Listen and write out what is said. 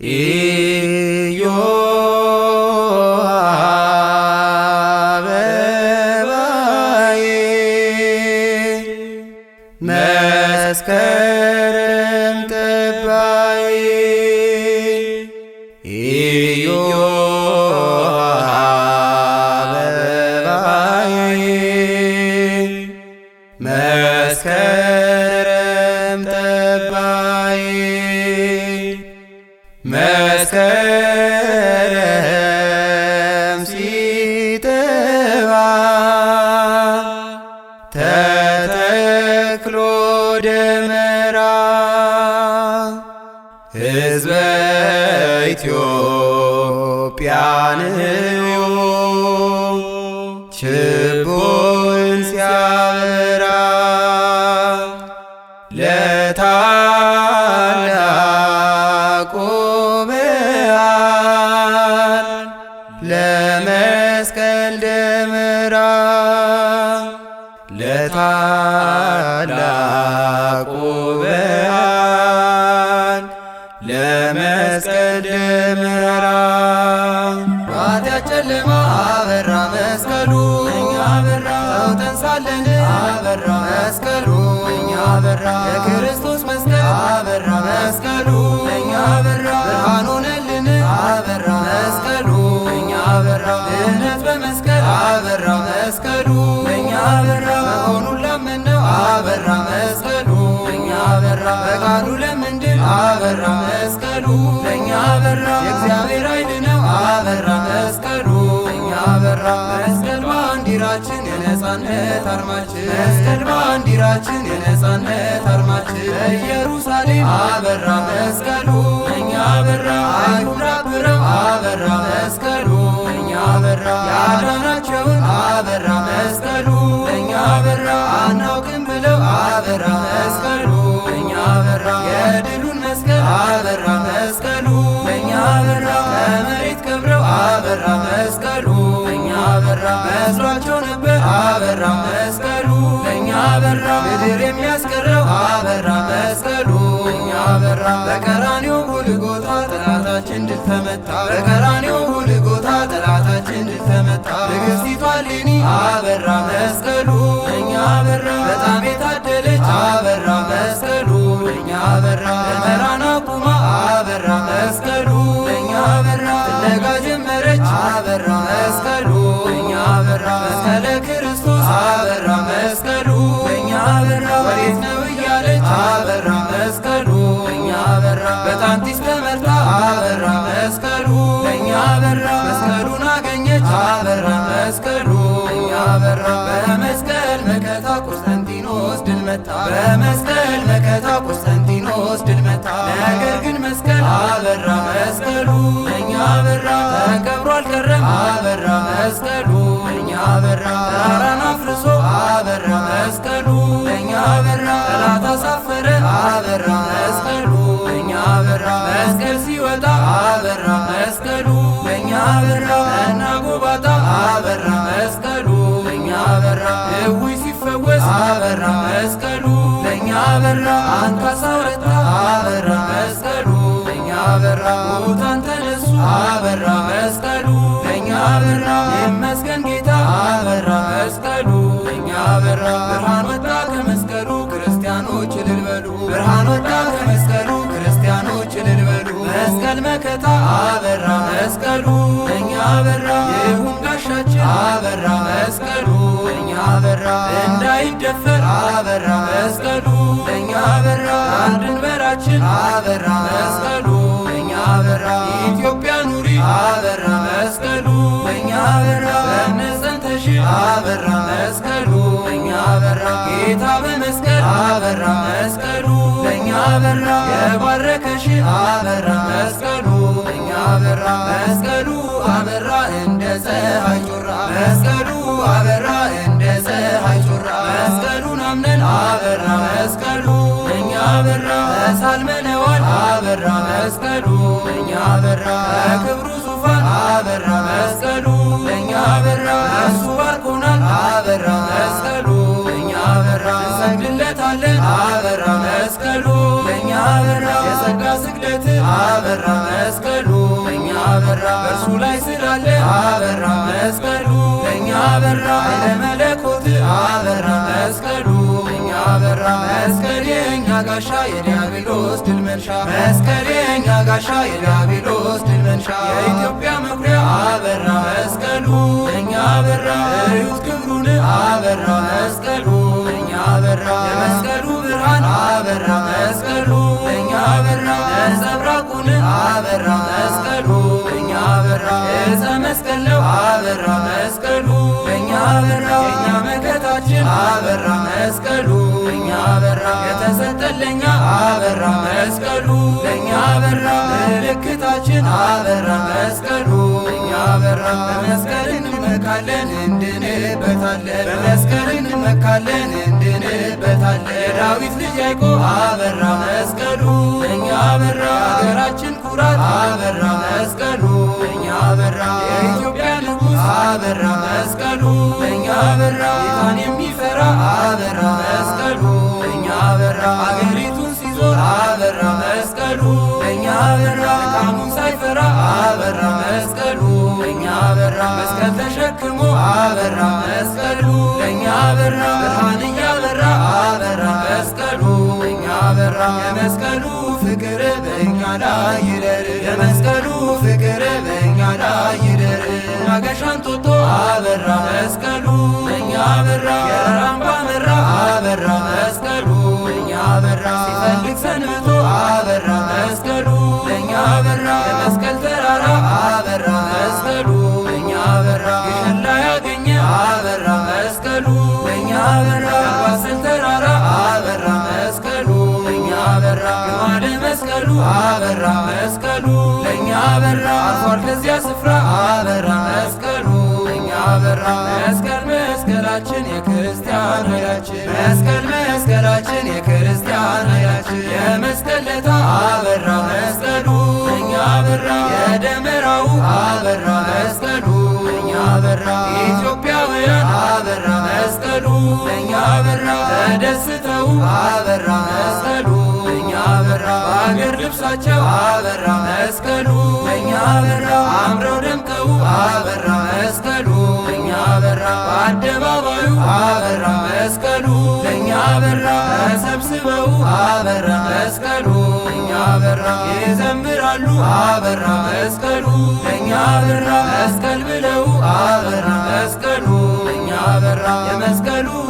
Eyo יו אהב אי, ደም ሲጠባ ተተክሎ ደመራ ሕዝበ ኢትዮጵያን ለመስቀል ደመራ ለታላቁ በዓል ለመስቀል ደመራ ባትያችን ለማ አበራ መስቀሉ አበራ ተንሳለን አበራ መስቀሉ እኛ አበራ የክርስቶስ መስቀል አበራ መስቀሉ እኛ አበራ ብርሃን ሆነልን አበራ አበራ ድነት በመስቀል አበራ መስቀሉ ለኛ አበራ መሆኑን ላመነው አበራ መስቀሉ እኛ አበራ በቃሉ ለምንድን አበራ መስቀሉ እኛ አበራ የእግዚአብሔር ኃይል ነው አበራ መስቀሉ እኛ አበራ መስቀል ባንዲራችን የነጻነት አርማችን መስቀል ባንዲራችን የነጻነት አርማችን በኢየሩሳሌም አበራ መስቀሉ ለኛ አበራ አይሁድ አብረው አበራ መስቀሉ አበራ ያዳናቸውን አበራ መስቀሉ እኛ በራ አናውቅም ብለው አበራ መስቀሉ እኛ በራ የድሉን መስቀል አበራ መስቀሉ እኛ በራ ከመሬት ከብረው አበራ መስቀሉ እኛ በራ መስሏቸው ነበር አበራ መስቀሉ እኛ በራ ምድር የሚያስቀረው አበራ መስቀሉ እኛ በራ በቀራኔው ጎልጎታ ጠላታችን ድል ተመታ በቀራኔው ሞላልኒ አበራ መስቀሉ እኛ በራ በጣም የታደለች አበራ መስቀሉ እኛ በራ በመራና ቁማ አበራ መስቀሉ እኛ በራ ፍለጋ ጀመረች አበራ መስቀሉ እኛ በራ መስቀለ ክርስቶስ አበራ መስቀሉ እኛ በራ በመስቀል መከታ ቆስጠንጢኖስ ድል መታ። ነገር ግን መስቀል አበራ መስቀሉ እኛ በራ ተከብሮ አልቀረም አበራ መስቀሉ እኛ በራ ተራራን አፍርሶ አበራ መስቀሉ እኛ በራ ጠላት አሳፈረ አበራ በራ አንካሳ ወጣ አበራ መስቀሉ ለኛ በራ ሙታን ተነሱ አበራ መስቀሉ ለኛ በራ ይመስገን ጌታ አበራ መስቀሉ ለኛ በራ ብርሃን ወጣ ከመስቀሉ ክርስቲያኖች እልል ብርሃን ወጣ ከመስቀሉ ክርስቲያኖች እልል መስቀል መከታ አበራ መስቀሉ ለኛ በራ ይሁን ጋሻችን አበራ መስቀሉ አበራ እንዳይደፈር አበራ መስቀሉ እኛ አበራ ድንበራችን አበራ መስቀሉ እኛ በራ ኢትዮጵያ ኑሪ አበራ መስቀሉ እኛ በራ ነጸንተሽ አበራ መስቀሉ እኛ በራ! ጌታ በመስቀል አበራ መስቀሉ እኛ አበራ የባረከሽ አበራ መስቀሉ እኛ በራ መስቀሉ አበራ እንደ ፀሐይ ጮራ አበራ መስቀሉ እኛ በራ ተሳልመነዋል አበራ መስቀሉ እኛ በራ ክብሩ ዙፋን አበራ መስቀሉ እኛ በራ እሱ ባርኮናል አበራ መስቀሉ እኛ በራ እንሰግድለታለን አበራ መስቀሉ እኛ በራ የጸጋ ስግደት አበራ መስቀሉ እኛ በራ እርሱ ላይ ስላለ አበራ መስቀሉ እኛ በራ ለመለኮት አበራ መስቀሉ አበራ መስከሬኛ ጋሻ የዲያብሎስ ድል መንሻ መስከሬኛ ጋሻ የዲያብሎስ ድል መንሻ የኢትዮጵያ መኩሪያ አበራ መስቀሉ እኛ አበራ እዩት ክብሩን አበራ መስቀሉ እኛ አበራ የመስቀሉ ብርሃን አበራ መስቀሉ እኛ አበራ ነጸብራቁን አበራ መስቀሉ ለእኛ በራ ምልክታችን አበራ መስቀሉ እኛ በራ በመስቀል እንመካለን እንድንበታለን በመስቀል እንመካለን እንድንበታለን የዳዊት ልጅ ያዕቆብ አበራ መስቀሉ እኛ በራ ሀገራችን ኩራት አበራ መስቀሉ እኛ በራ የኢትዮጵያ ንጉሥ አበራ መስቀሉ እኛ በራ ጌታን የሚፈራ አበራ መስቀሉ እኛ በራ አገሪቱ አበራ መስቀሉ እኛ በራ ጣሙን ሳይፈራ አበራ መስቀሉ እኛ በራ መስቀል ተሸክሞ አበራ መስቀሉ እኛ በራ ብርሃን እያበራ አበራ መስቀሉ እኛ በራ የመስቀሉ ፍቅር በእኛ ላይ ይደር የመስቀሉ ፍቅር በእኛ ላይ ይደር ማገሻን አበራ መስቀሉ አበራ ባስል ተራራ አበራ መስቀሉ ለኛ አበራ ግማደ መስቀሉ አበራ መስቀሉ ለኛ አበራ አፏል ከዚያ ስፍራ አበራ መስቀሉ ለኛ አበራ መስቀል መስቀላችን የክርስቲያን ኃይላችን መስቀል መስቀላችን የክርስቲያን አያችን የመስቀል ለታ አበራ መስቀሉ ለኛ አበራ የደመራው አበራ መስቀሉ አበራ ኢትዮጵያውያን አበራ መስቀሉ እኛ አበራ ተደስተው አበራ መስቀሉ እኛ አበራ በአገር ልብሳቸው አበራ መስቀሉ እኛ አበራ አምረው ደምቀው አበራ መስቀሉ እኛ አበራ በአደባባዩ አበራ መስቀሉ አበራ ተሰብስበው አበራ መስቀሉ እኛ በራ ይዘምራሉ አበራ መስቀሉ እኛ በራ መስቀል ብለው አበራ መስቀሉ እኛ በራ የመስቀሉ